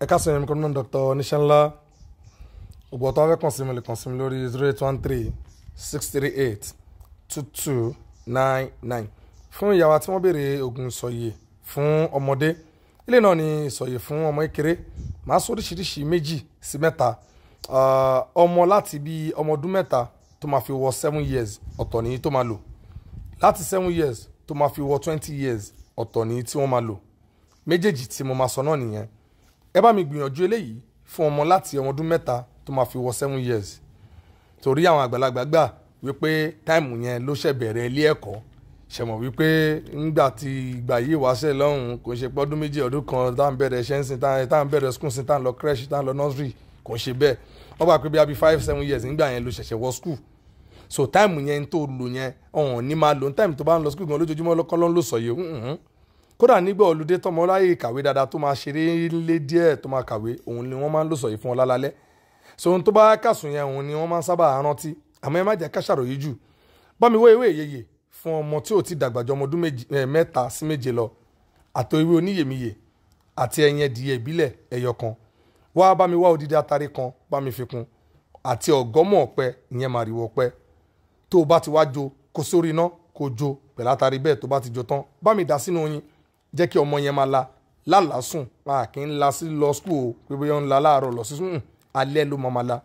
ẹ ká sọ̀rọ̀ ẹ̀mí náà dr oníṣẹ́ńlá ògbó ọ̀tọ́ fẹ́ kàn sí mi lè kàn sí mi lórí zero eight one three six three eight two two nine nine fún ìyàwó tí wọ́n béèrè oògùn ìsọ̀yè fún ọmọdé ilé náà ni ìsọ̀yè fún ọmọ kékeré màá sọ oríṣiríṣi méjì sí mẹ́ta ah, ọmọ láti bí ọmọ ọdún mẹ́ta tó máa fi wọ seven years ọ̀tọ̀ nìyí tó máa lò láti seven years tó máa fi wọ twenty years ọ̀tọ̀ nìyí tí wọ́n máa lò méjèèjì tí mo máa sọ náà nìyẹn ẹ bá mi gbìyànjú eléyìí fún ọmọ láti ọmọ ọdún mẹ́ta tó máa fi wọ seven years torí àwọn àgbàlagbà gbà wípé táìmù yẹn ló ṣẹ̀ bẹ̀rẹ̀ ilé ẹ̀kọ́ ṣẹ̀mọ̀ wípé ńgbà tí ìgbà yìí wáṣẹ̀ lọ́hùn kò ṣe pé ọdún méjì ọdún kan tá à ń bẹ̀rẹ̀ ṣẹ́ ń sin tá à ń bẹ̀rẹ̀ school sin tá à ń lọ creche tá à ń lọ nursery kò ṣe bẹ́ẹ̀ wọ́n gbà pé bí abi five seven years nígbà yẹn ló ṣẹ̀ṣẹ̀ wọ school so táìmù yẹn tó lò yẹn ọ̀hún ní máa lò táìmù tó bá ń lọ school gan lójoojúmọ́ lọ́kọ́ ló sọ yìí kódà nígbà olùdé tọmọ láyè kàwé dáadáa tó máa ṣeré lé díẹ̀ tó máa kàwé òun ni wọ́n máa ń lò sọ yìí fún ọ lálálẹ́ so ohun tó bá kàsùn yẹn òun ni wọ́n máa ń sábà rántí àmọ́ ẹ má jẹ́ káṣàròyé jù bá mi wọ ewé ìyeyè fún ọmọ tí ò ti dàgbà ọmọ ọdún eh, mẹ́ta sí méje lọ àtọ ewé oníyèmíyè àti ẹyin ẹdìyẹ ìbílẹ̀ ẹyọ kan wá bá mi wá odidi atare kan bá mi fi kún àti ọ̀gọ́mọ̀ ọ̀pẹ ìyẹn màrìwò ọ̀pẹ tó o bá ti wá jo kó sórí iná kó jo pẹ̀lú atare bẹ́ẹ̀ tó bá ti jo tán bá mi dà sínú oyin jẹ́ kí ọmọ yẹn máa la lálàásùn máa kì í la sí lọ skul o pé bóyá ń la láàárọ̀ lọ sí sùn hmm, alẹ́ ló máa ma la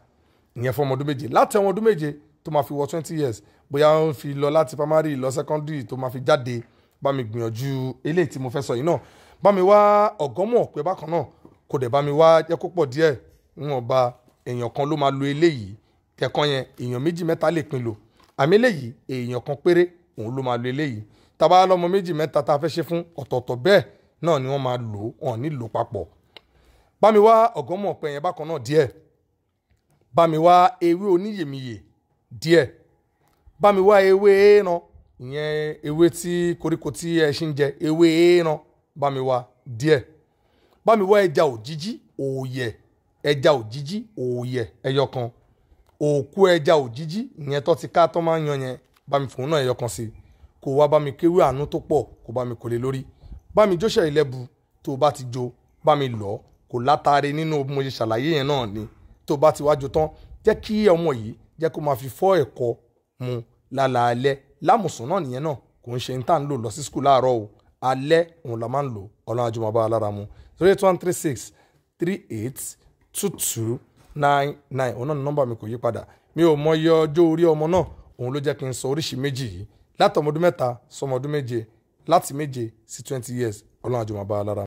ìyẹn fún ọmọ ọdún méje láti ọmọ ọdún méje tó máa fi wọ twenty years bóyá ó ń fi lọ láti primary lọ secondary tó máa fi jáde bá mi gbìyànjú eléyìí tí mo fẹ́ sọ yìí náà bá mi wá ọ̀gọ́mọ̀ ọ̀pẹ bákan náà kò dẹ̀ bá mi wá jẹ́ kó pọ̀ díẹ̀ wọn ba èèyàn kan ló máa lo eléyìí kẹ̀kan yẹn èèyàn méjì mẹ́ta lè pin lò àmì eléyìí èèyàn kan péré òun ló máa lo eléyìí tàbá lọ́mọ méjì mẹ́ta tá a fẹ́ ṣe fún ọ̀tọ̀ọ̀tọ̀ bẹ́ẹ̀ náà ni wọ́n máa lò wọ́n ní lò papọ̀ bá mi wá ọ̀gọ́mọ̀ ọ̀pẹ yẹn bákan náà díẹ̀ bá mi wá ewé oníyèmíyè díẹ̀ bá mi wá ewé éèran ìyẹn ewé tí koríko tí ẹṣin jẹ ewé éèran bá mi wá díẹ̀ bá wá ẹja òjijì òòyẹ̀ ẹja òjijì òòyẹ̀ ẹyọ òkú ẹja òjijì ìyẹn tó ti ká tó máa ń yan yẹn bá fòun náà ẹyọ sí i kó wá bá mi kéwé àánú tó pọ̀ kó bá mi kọ́lé lórí bá mi jóṣẹ́ ìlẹ́bu tó bá ti jó bá mi lọ kò látàrí nínú mo ṣe ṣàlàyé yẹn náà ni tó o bá ti wá jó tán jẹ́ kí ọmọ yìí jẹ́ kó máa fi fọ́ ẹ̀kọ́ mu lálaalẹ́ lámùsùn náà nìyẹn náà kò ń ṣe ń tà ń lò lọ sí skul láàárọ̀ o alẹ́ òun la máa ń lò ọlọ́run àjùmọ̀ bá alára mu zero eight one three six three eight two two nine nine òun náà ni nọ́mbà mi kò yí padà mi ò mọ iye ọjọ́ orí ọmọ náà òun ló jẹ́ kí n sọ oríṣi méjì yìí látọmọdún mẹ́ta sọmọdún méje láti méje sí twenty years ọlọ́run àjùmọ̀ bá a lára.